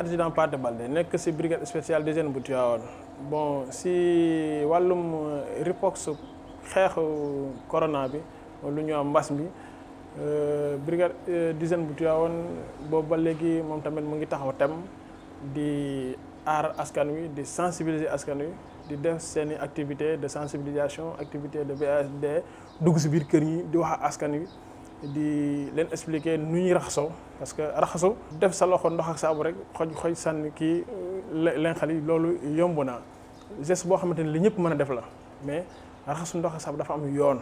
adjudant di balde nek ci brigade spéciale des jeunes bu bon si walum eh, riposte xeexu corona bi lu ñu am bi euh brigade euh, des jeunes bu Tivaouane boobu ba léegi mu ngi taxaw tem di ar askan wi di sensibiliser askan wi di def seni activité de sensibilisation activité de BSD dug ci bir keur yi di wax askan wi di leen expliquer nu ñuy raxasoo parce que raxasu def sa loxo ndox ak saabu rek xoj xoj sànni kii leen xal yi loolu yomb na geste boo xamante ni li ñëpp mën a def la mais raxasu ndox ak saabu dafa am yoon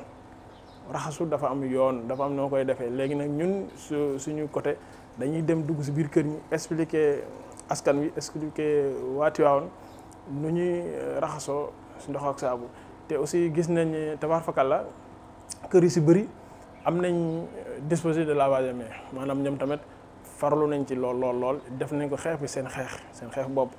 raxasu dafa am yoon dafa am noo koy defee léegi nag ñun su suñu côté dañuy dem dugg si biir kër ñi expliquer askan wi expliquer waa Tivaouane nu ñuy raxasoo si ndox ak saabu te aussi gis nañ tabaar fakal la kër yi si bëri am nañ euh, dispositif de la lavage mais maanaam ñoom tamit farlu nañ ci lool lool lool def nañ ko xeex bi seen xeex seen xeex bopp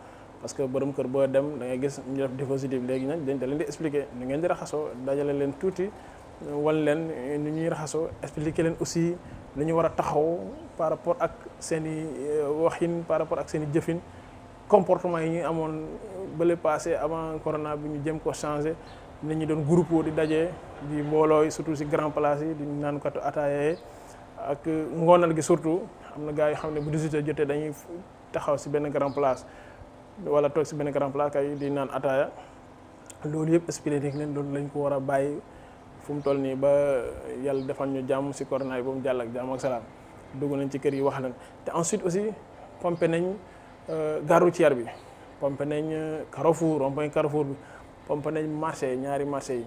parce que borom kër boo dem da ngay gis ñu def dispositif léegi nag dañ leen di expliquer ni ngeen di raxasoo dajalee leen tuuti euh, wan leen euh, ni ñuy raxasoo expliquer leen aussi li ñu war a taxaw par rapport ak seen i waxin par rapport ak seen i jëfin comportement yi ñu amoon bële passé avant corona bi ñu jëm ko changer nit don doon groupe di daje di mbooloo surtout si grand place yi di to ataaya ak ngonal gi surtout amna gaay gars yoo bu 18 jotté dañuy taxaw si ben grand place wala tok si ben grand place kay di nan ataaya loolu yëpp expliqué nañ leen loolu lañ ko wara a fu mu toll ni ba yalla defal ñu jamm si corona yi ba mu jàll ak jàmm ak salam duggu nañ ci kër yi wax lan té ensuite aussi pompé nañ ci euh, yar bi pompé nañ euh, Carrefour rond-point Carrefour pompe nañ marché ñaari marché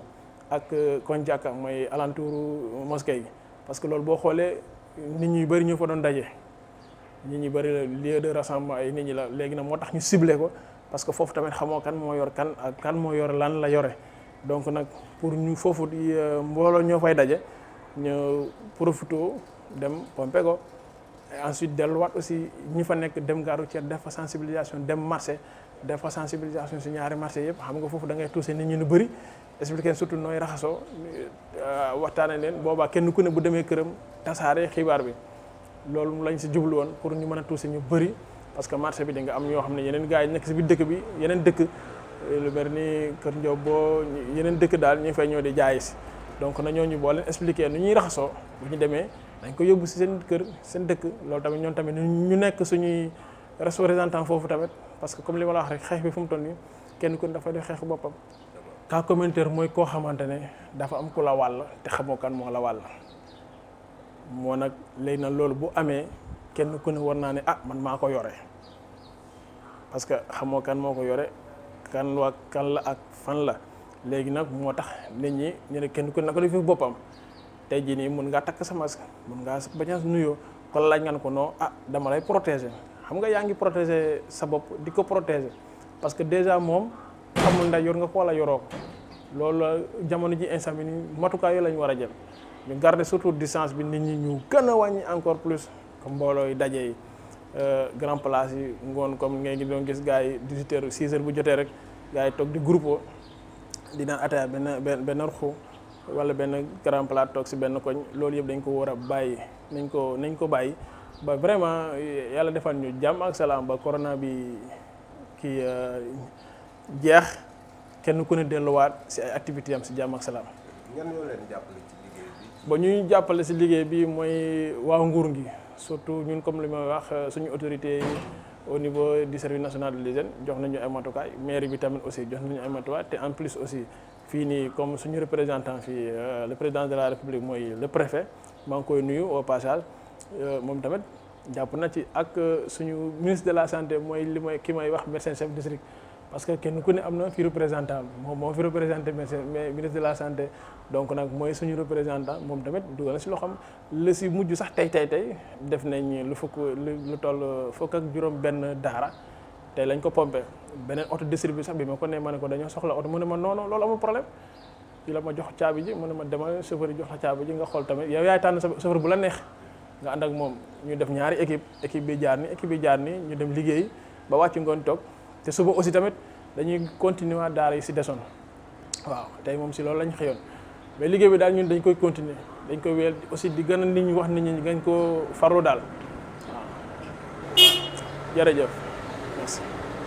ak euh, koñ jàkka mooy alentour euh, mosquée yi parce que lool bo xolé nit ñi bari ñu fa doon dajé nit ñi bari la lieu de rassemblement ay nit ñi la légui na motax ñu cibler ko parce que fofu tamit xamoo kan mo yor kan ak kan mo yor lan la yoré donc nak pour ñu foofu euh, mbolo ño fay dajé ñu profito dem pompe ko ensuite delluwaat aussi ñi fa nek dem garu ci def sensibilisation dem marché def fa sensibilisation ci ñaari marché yépp xam nga fofu da ngay tousé nit ñi lu bëri expliquer surtout noy raxaso euh, waxtaane len boba kenn ku ne bu démé kërëm tassaré xibar bi loolu lañ ci djublu won pour ñu mëna tousé ñu bëri parce que marché bi di nga am ño xamné yenen gaay nek ci bi dëkk bi yenen dëkk euh, lu berni ni Kër Ndiob boo yeneen dëkk dal ñi fay ñoo di jaay ci donc na ñooñu boo leen expliquer nu ñuy raxaso bu ñu démé dañ ko yóbbu si seen kër seen dëkk loolu tamit ñoom tamit ñu nekk suñuy représentant foofu tamit parce que comme li ma la wax rek xeex bi fu mu toll nii kenn ku ne dafa def xeexu boppam. cas communautaire mooy koo xamante ne dafa am ku la wàll te xamoo kan moo la wàll moo nag léegi nag loolu bu amee kenn ku ne war naa ne ah man maa ko yore parce que xamoo kan moo ko yore kan wa kan la ak fan la léegi nag moo tax nit ñi ñu ne kenn ku ne na ko defee boppam. tey jii nii mun ngaa takk sa masque mun nga bañ nuyo ko lañ ngan ko no ah dama lay protéger xam nga yaangi protéger sa bop diko protéger parce que déjà mom amul ndax yor nga ko la yoro ko jamono ji insamini matuka nii lañ wara jël ñu garder surtout distance bi nit ñi ñu gëna wañi encore plus ko mbolo yi dajé euh grand place yi ngone comme ngay gi doon gis gaay 18 h 6 h bu joté rek gaay tok di groupe o di naan ataaya ben benn benn xoo wala ben grand plat tok ci ben koñ lolou yeb dañ ko wara baye nañ ko nañ ko baye ba vraiment yalla defal ñu jam ak salam ba corona bi ki euh, jeex kenn ku ne delu wat ci ay activité am ci jam ak salam ngeen ñoo leen jàppale ci liggéey bi. ba ñuy jàppale ci liggéey bi moy wa nguur ngi surtout ñun comme lima wax euh, suñu autorité au niveau du service national de l'hygiène jox nañu ay matukay maire bi tamit aussi jox nañu ay matuwa té en plus aussi. Fini comme suñu représentant fi euh, le président de la république moy le préfet maa koy nuyu au passage euh, mom tamit japp na ci ak euh, suñu ministre de la santé moy li mooy ki may wax médecin chef district. parce que kenn ku ne amna fi représentant mon moo fi représentant mais ministre de la santé donc nak moy suñu représentant mom tamit dugal ci si loxoom la si mujj sax tay tay tay def nañ lu fukk lu toll fukk ak juróom ben dara tey lañ ko pompé beneen auto distribué sax bi ma ko nee ma ne ko dañoo soxla auto mu ne ma non non loolu amul problème ci la ma jox caabi ji mu ne ma demal chauffeur jox la caabi ji nga xool tamit yow yaay tànn sa bu la neex nga ànd ak moom ñu def ñaari équipe équipe bi jaar ni équipe bi jaar ni ñu dem liggéey ba wàcc ngoon toog te suba aussi tamit dañuy continuer daara yi si desoon waaw tey moom si loolu lañ xëyoon mais liggéey bi daal ñun dañ koy continuer dañ koy aussi di gën a nit ñi wax nit ñi gën koo farlu daal Thanks.